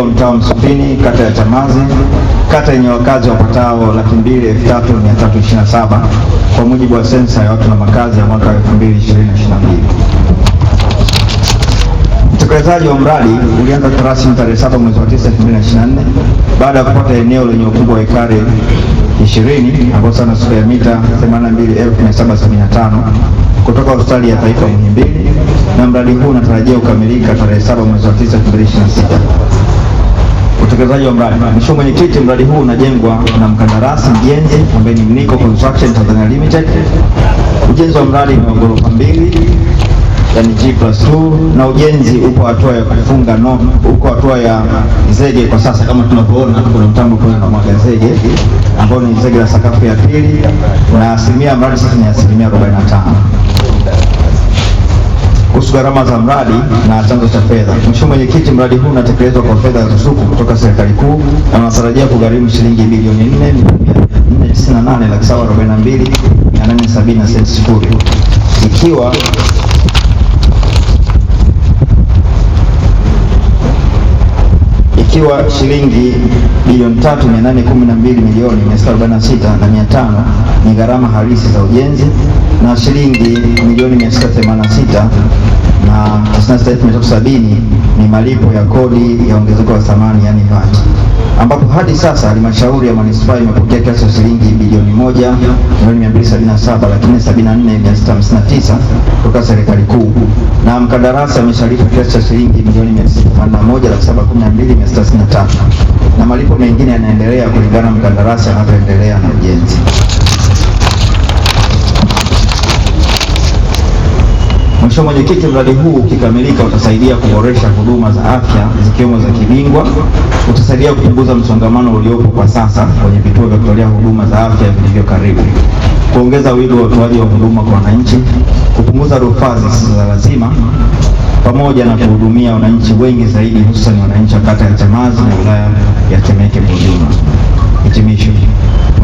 kwa mtaa Msufini, kata ya Chamazi, kata yenye wakazi wapatao laki mbili elfu tatu mia tatu ishirini na saba kwa mujibu wa sensa ya watu na makazi ya mwaka 2022. Utekelezaji wa mradi ulianza rasmi tarehe 7 mwezi wa 9 2024 baada ya kupata eneo lenye ukubwa wa ekari 20 ambapo sana sura ya mita 82775 kutoka hospitali ya taifa Muhimbili, na mradi huu unatarajia kukamilika tarehe 7 mwezi wa 9 2026 utekelezaji wa mradi. Mheshimiwa Mwenyekiti, mradi huu unajengwa na mkandarasi mjenzi ambaye ni Mniko Construction Tanzania Limited. Ujenzi wa mradi ni wa ghorofa mbili yani 2 na ujenzi uko hatua ya kufunga no, uko hatua ya zege kwa sasa. Kama tunavyoona kuna mtambo kuna na mwaga zege ambao ni zege la sakafu ya pili, na asilimia mradi sasa ni asilimia 45 kuhusu gharama za mradi na chanzo cha fedha. Mheshimiwa Mwenyekiti, mradi huu unatekelezwa kwa fedha za ruzuku kutoka serikali kuu na unatarajia kugharimu shilingi bilioni 4,498 laki saba na senti sifuri ikiwa ikiwa shilingi bilioni 3,812 milioni 646 na mia tano ni gharama halisi za ujenzi na shilingi milioni 686 na 96370 ni malipo ya kodi ya ongezeko la thamani yani VAT, ambapo hadi sasa halmashauri ya manispaa imepokea kiasi cha shilingi bilioni moja milioni 277 laki 74,659 kutoka serikali kuu. Mkandarasi ameshalipa kiasi cha shilingi milioni 681,712,663 na malipo mengine yanaendelea kulingana mkandarasi anavyoendelea na ujenzi. Mheshimiwa Mwenyekiti, mradi huu ukikamilika utasaidia kuboresha huduma za afya zikiwemo za kibingwa, utasaidia kupunguza msongamano uliopo kwa sasa kwenye vituo vya kutolea huduma za afya vilivyo karibu, kuongeza wigo wa utoaji wa huduma kwa wananchi kupunguza rufaa zisizo za lazima pamoja na kuhudumia wananchi wengi zaidi hususani wananchi wa kata ya Chamazi na wilaya ya Temeke kwa ujumla. Hitimisho.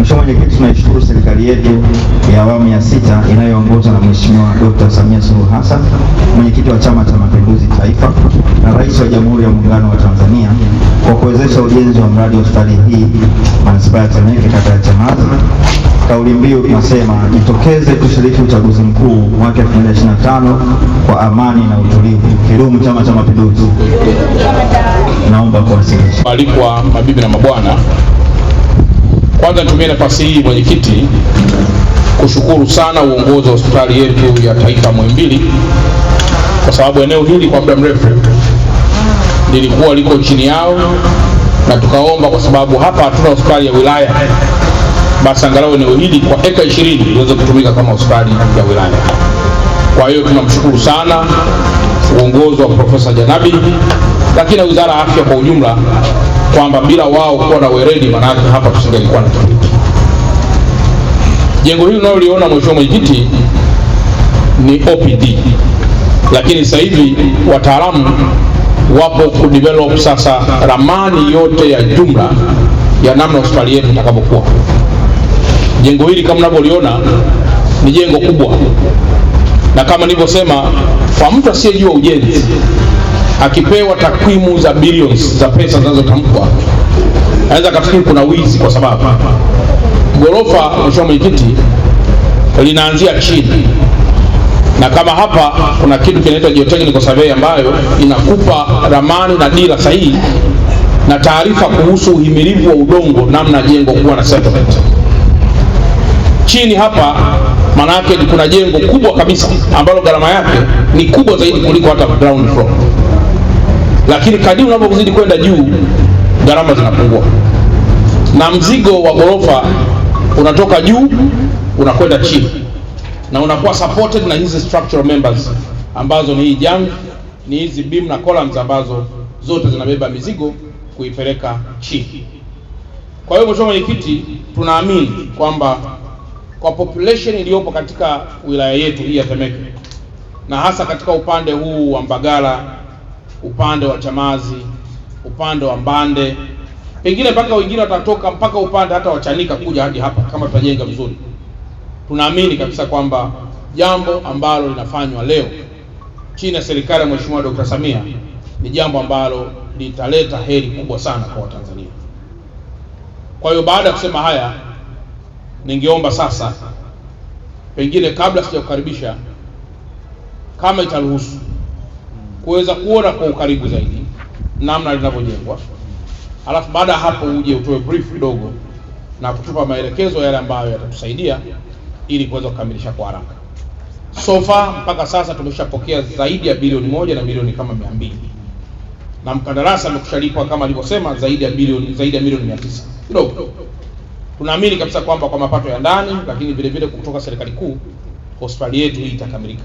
Mheshimiwa Mwenyekiti, tunaishukuru serikali yetu ya awamu ya sita inayoongozwa na Mheshimiwa Dr. Samia Suluhu Hassan, mwenyekiti wa Chama cha Mapinduzi Taifa na Rais wa Jamhuri ya Muungano wa Tanzania kwa kuwezesha ujenzi wa mradi wa hospitali hii manispaa ya Temeke kata ya Chamazi. Kauli mbiu tunasema jitokeze kushiriki uchaguzi mkuu mwaka 2025 kwa amani na utulivu. Kidumu Chama cha Mapinduzi! Naomba kuwasilisha. Mwalikwa, mabibi na mabwana kwanza nitumie nafasi hii mwenyekiti, kushukuru sana uongozi wa hospitali yetu ya taifa Muhimbili, kwa sababu eneo hili kwa muda mrefu lilikuwa liko chini yao, na tukaomba kwa sababu hapa hatuna hospitali ya wilaya, basi angalau eneo hili kwa eka ishirini liweze kutumika kama hospitali ya wilaya. Kwa hiyo tunamshukuru sana uongozi wa Profesa Janabi, lakini na wizara ya afya kwa ujumla kwamba bila wao kuwa na weredi maanake hapa tusingelikuwa na tofauti. Jengo hili unaloliona mheshimiwa mwenyekiti ni OPD, lakini sasa hivi wataalamu wapo kudevelop sasa ramani yote ya jumla ya namna hospitali yetu itakavyokuwa. Jengo hili kama mnavyoliona ni jengo kubwa, na kama nilivyosema, kwa mtu asiyejua ujenzi akipewa takwimu za billions za pesa zinazotamkwa anaweza akafikiri kuna wizi, kwa sababu ghorofa, mheshimiwa mwenyekiti, linaanzia chini, na kama hapa kuna kitu kinaitwa geotechnical survey ambayo inakupa ramani na dira sahihi na taarifa kuhusu uhimilivu wa udongo, namna jengo kuwa na settlement chini hapa maana yake kuna jengo kubwa kabisa ambalo gharama yake ni kubwa zaidi kuliko hata ground floor lakini kadiri unavyozidi kwenda juu gharama zinapungua na mzigo wa ghorofa unatoka juu unakwenda chini na unakuwa supported na hizi structural members ambazo ni hii jam ni hizi beam na columns ambazo zote zinabeba mizigo kuipeleka chini. Kwa hiyo mweshimua Mwenyekiti, tunaamini kwamba kwa population iliyopo katika wilaya yetu hii ya Temeke na hasa katika upande huu wa Mbagala upande wa Chamazi, upande wa Mbande, pengine mpaka wengine watatoka mpaka upande hata wachanika kuja hadi hapa, kama tutajenga vizuri. Tunaamini kabisa kwamba jambo ambalo linafanywa leo chini ya serikali ya Mheshimiwa Dr. Samia ni jambo ambalo litaleta heri kubwa sana kwa Watanzania. Kwa hiyo baada ya kusema haya, ningeomba sasa, pengine kabla sijakukaribisha, kama itaruhusu kuweza kuona kwa ukaribu zaidi namna linavyojengwa, alafu baada ya hapo uje utoe brief kidogo na kutupa maelekezo yale ambayo yatatusaidia ili kuweza kukamilisha kwa haraka. So far mpaka sasa tumeshapokea zaidi ya bilioni moja na milioni kama mia mbili na mkandarasi amekushalipwa kama alivyosema zaidi ya bilioni zaidi ya milioni tisa kidogo. Tunaamini kabisa kwamba kwa mapato ya ndani, lakini vile vile kutoka serikali kuu, hospitali yetu hii itakamilika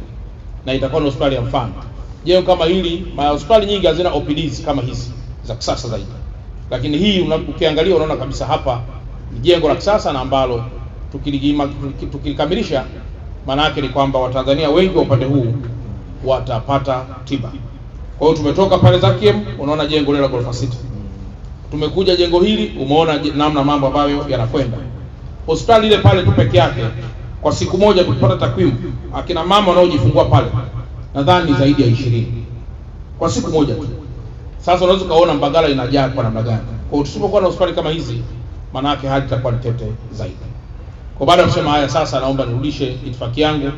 na itakuwa ni hospitali ya mfano jengo kama hili, hospitali nyingi hazina OPDs kama hizi za kisasa zaidi, lakini hii ukiangalia unaona kabisa hapa ni jengo la kisasa na ambalo tukilikamilisha, maana yake ni kwamba Watanzania wengi wa upande huu watapata tiba. Kwa hiyo tumetoka pale Zakiem, unaona jengo lile la ghorofa sita, tumekuja jengo hili, umeona namna mambo ambayo yanakwenda. Hospitali ile pale tu peke yake, kwa siku moja tulipata takwimu akina mama wanaojifungua pale nadhani zaidi ya ishirini kwa siku moja tu. Sasa unaweza ukaona Mbagala inajaa kwa namna gani. Kwa hiyo tusipokuwa na hospitali kama hizi, maana yake hali itakuwa ni tete zaidi. Kwa baada ya kusema haya, sasa naomba nirudishe itifaki yangu.